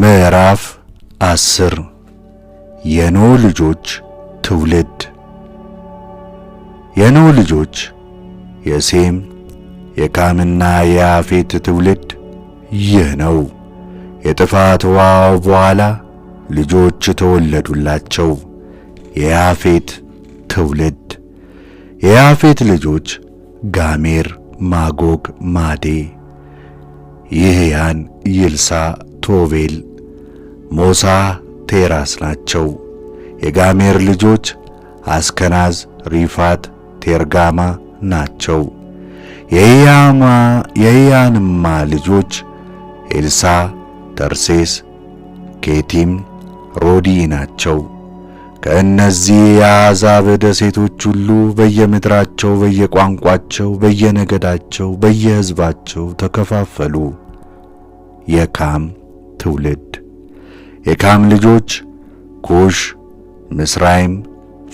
ምዕራፍ አስር የኖ ልጆች ትውልድ። የኖ ልጆች የሴም የካምና የአፌት ትውልድ ይህ ነው። የጥፋት ውኃ በኋላ ልጆች ተወለዱላቸው። የያፌት ትውልድ የያፌት ልጆች ጋሜር፣ ማጎግ፣ ማዴ፣ ይህያን፣ ይልሳ፣ ቶቤል፣ ሞሳ፣ ቴራስ ናቸው። የጋሜር ልጆች አስከናዝ፣ ሪፋት፣ ቴርጋማ ናቸው። የኢያንማ ልጆች ኤልሳ፣ ተርሴስ፣ ኬቲም፣ ሮዲ ናቸው። ከእነዚህ የአሕዛብ ደሴቶች ሁሉ በየምድራቸው፣ በየቋንቋቸው፣ በየነገዳቸው፣ በየሕዝባቸው ተከፋፈሉ። የካም ትውልድ የካም ልጆች ኩሽ፣ ምስራይም፣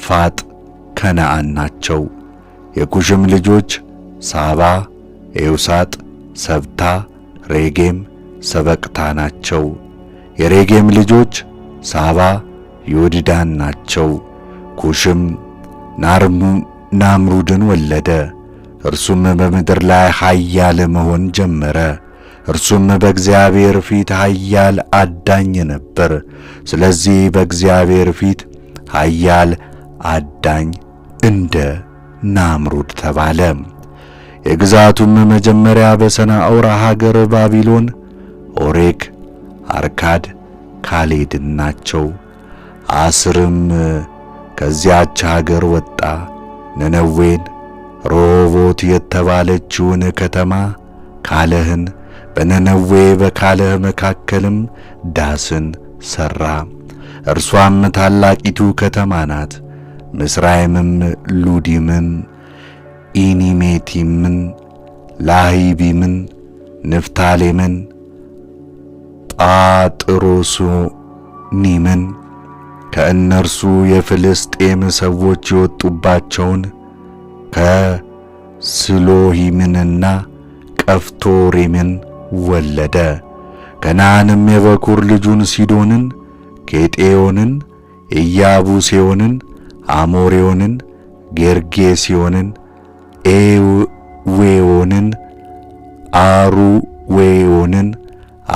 ፋጥ፣ ከነአን ናቸው። የኩሽም ልጆች ሳባ፣ ኤውሳጥ፣ ሰብታ፣ ሬጌም፣ ሰበቅታ ናቸው። የሬጌም ልጆች ሳባ፣ ዮድዳን ናቸው። ኩሽም ናምሩድን ወለደ። እርሱም በምድር ላይ ኃያል መሆን ጀመረ። እርሱም በእግዚአብሔር ፊት ኃያል አዳኝ ነበር። ስለዚህ በእግዚአብሔር ፊት ኃያል አዳኝ እንደ ናምሩድ ተባለ። የግዛቱም መጀመሪያ በሰናዖር ሀገር ባቢሎን፣ ኦሬክ፣ አርካድ፣ ካሌድን ናቸው። አስርም ከዚያች ሀገር ወጣ። ነነዌን፣ ሮቦት የተባለችውን ከተማ፣ ካለህን በነነዌ በካለህ መካከልም ዳስን ሠራ። እርሷም ታላቂቱ ከተማ ናት። ምስራይምም ሉዲምን፣ ኢኒሜቲምን፣ ላሂቢምን፣ ንፍታሌምን፣ ጣጥሮሱኒምን ከእነርሱ የፍልስጤም ሰዎች የወጡባቸውን ከስሎሂምንና ቀፍቶሪምን ወለደ። ከነዓንም የበኩር ልጁን ሲዶንን፣ ጌጤዮንን፣ ኢያቡሴዮንን፣ አሞሪዮንን፣ ጌርጌሲዮንን፣ ኤዌዮንን፣ አሩዌዮንን፣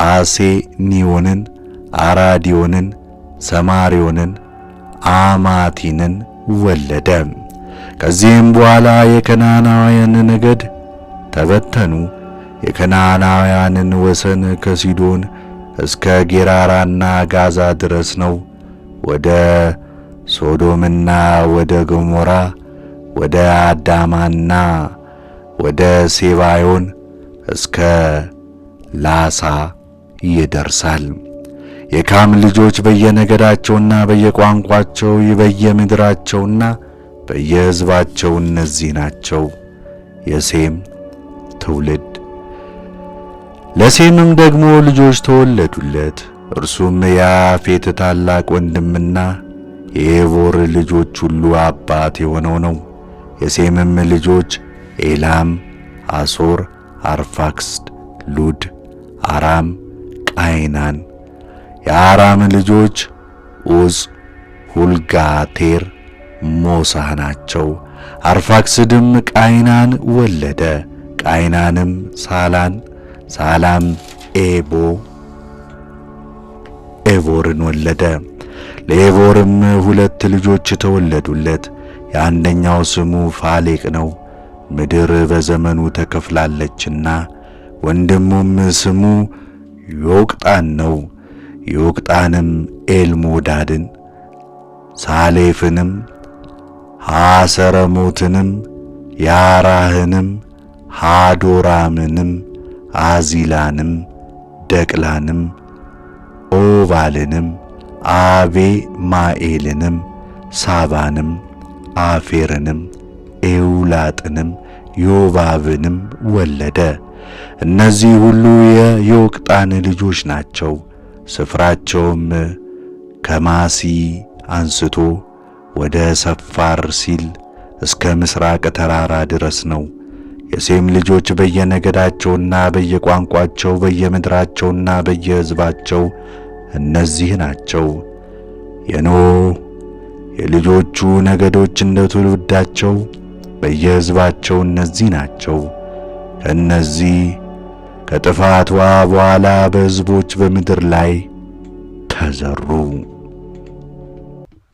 አሴኒዮንን፣ አራዲዮንን፣ ሰማሪዮንን፣ አማቲንን ወለደ። ከዚህም በኋላ የከናናውያን ነገድ ተበተኑ። የከናናውያንን ወሰን ከሲዶን እስከ ጌራራና ጋዛ ድረስ ነው። ወደ ሶዶምና ወደ ገሞራ፣ ወደ አዳማና ወደ ሴባዮን እስከ ላሳ ይደርሳል። የካም ልጆች በየነገዳቸውና በየቋንቋቸው በየምድራቸውና በየሕዝባቸው እነዚህ ናቸው። የሴም ትውልድ ለሴምም ደግሞ ልጆች ተወለዱለት። እርሱም የያፌት ታላቅ ወንድምና የኤቮር ልጆች ሁሉ አባት የሆነው ነው። የሴምም ልጆች ኤላም፣ አሶር፣ አርፋክስድ፣ ሉድ፣ አራም፣ ቃይናን። የአራም ልጆች ሁልጋ ቴር ሞሳ ናቸው። አርፋክስድም ቃይናን ወለደ። ቃይናንም ሳላን ሳላም ኤቦ ኤቮርን ወለደ። ለኤቮርም ሁለት ልጆች ተወለዱለት። የአንደኛው ስሙ ፋሌቅ ነው፣ ምድር በዘመኑ ተከፍላለችና። ወንድሙም ስሙ ዮቅጣን ነው። ዮቅጣንም ኤልሞዳድን፣ ሳሌፍንም፣ ሐሰረሞትንም፣ ያራህንም፣ ሃዶራምንም አዚላንም ደቅላንም ኦባልንም አቤ ማኤልንም ሳባንም አፌርንም ኤውላጥንም ዮባብንም ወለደ። እነዚህ ሁሉ የዮቅጣን ልጆች ናቸው። ስፍራቸውም ከማሲ አንስቶ ወደ ሰፋር ሲል እስከ ምስራቅ ተራራ ድረስ ነው። የሴም ልጆች በየነገዳቸውና በየቋንቋቸው በየምድራቸውና በየሕዝባቸው እነዚህ ናቸው። የኖ የልጆቹ ነገዶች እንደ ትውልዳቸው በየሕዝባቸው እነዚህ ናቸው። ከእነዚህ ከጥፋቷ በኋላ በሕዝቦች በምድር ላይ ተዘሩ።